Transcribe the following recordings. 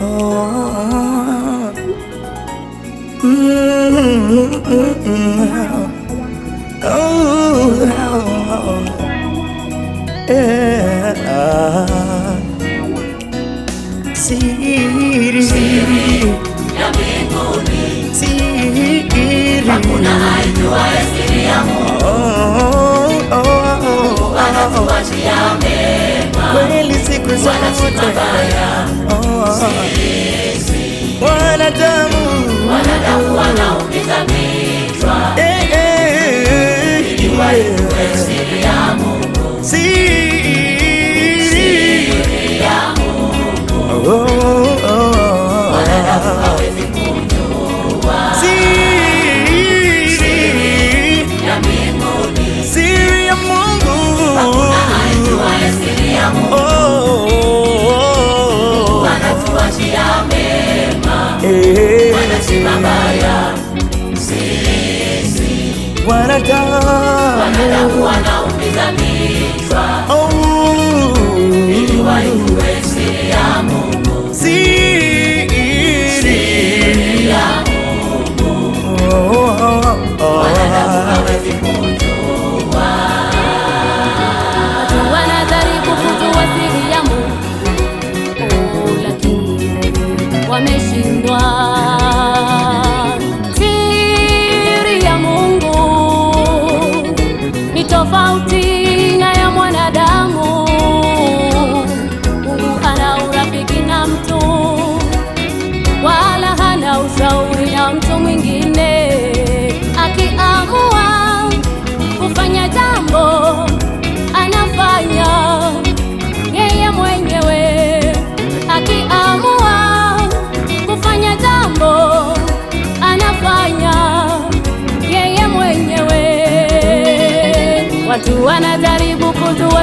oh, oh. Mm -hmm. oh yeah. Siri, Siri, Siri, Siri, Siri, Siri, kweli siku zote wanadamu wanaumiza kichwa oh. ili waiweze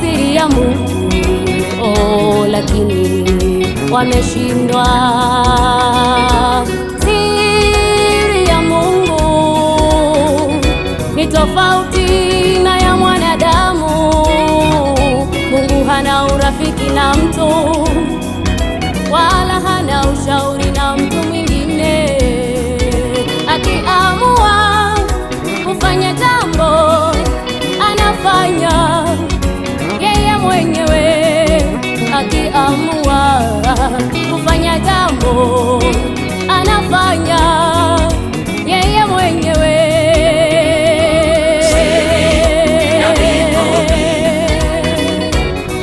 siri ya Mungu oh, lakini wameshindwa. Siri ya Mungu ni tofauti na ya mwanadamu. Mungu hana urafiki na mtu. anafanya yeye mwenyewe.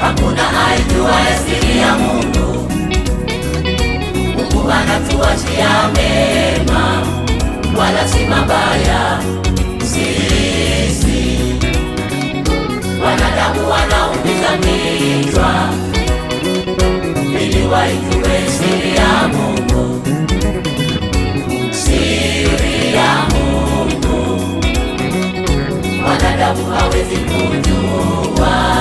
Hakuna aijua siri ya Mungu, Mungu anatuachia mema, wala si mabaya. sisikujua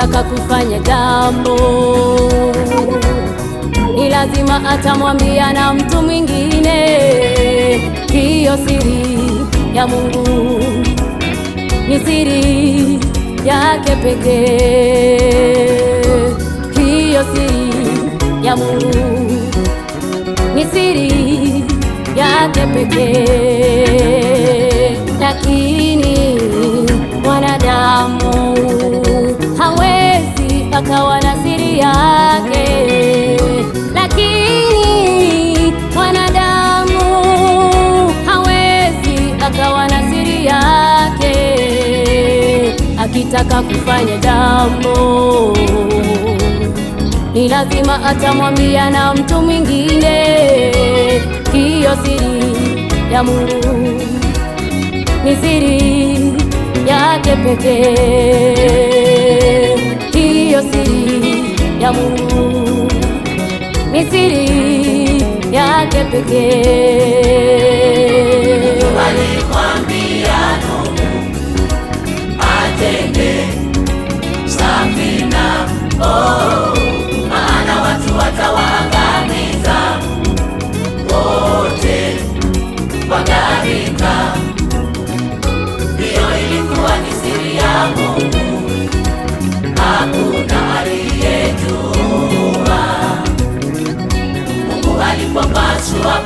anayetaka kufanya jambo ni lazima atamwambia na mtu mwingine. Hiyo siri ya Mungu ni siri yake pekee. Hiyo siri ya Mungu ni siri yake pekee. akawa na siri yake, lakini mwanadamu hawezi akawa na siri yake. Akitaka kufanya jambo ni lazima atamwambia na mtu mwingine. Hiyo siri ya Mungu ni siri yake pekee. ya Mungu, misiri yake pekee to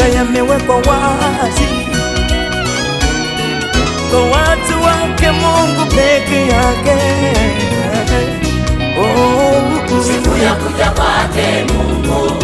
maisha yamewekwa wazi kwa watu wake Mungu peke yake. Oh, siku ya kuja kwake Mungu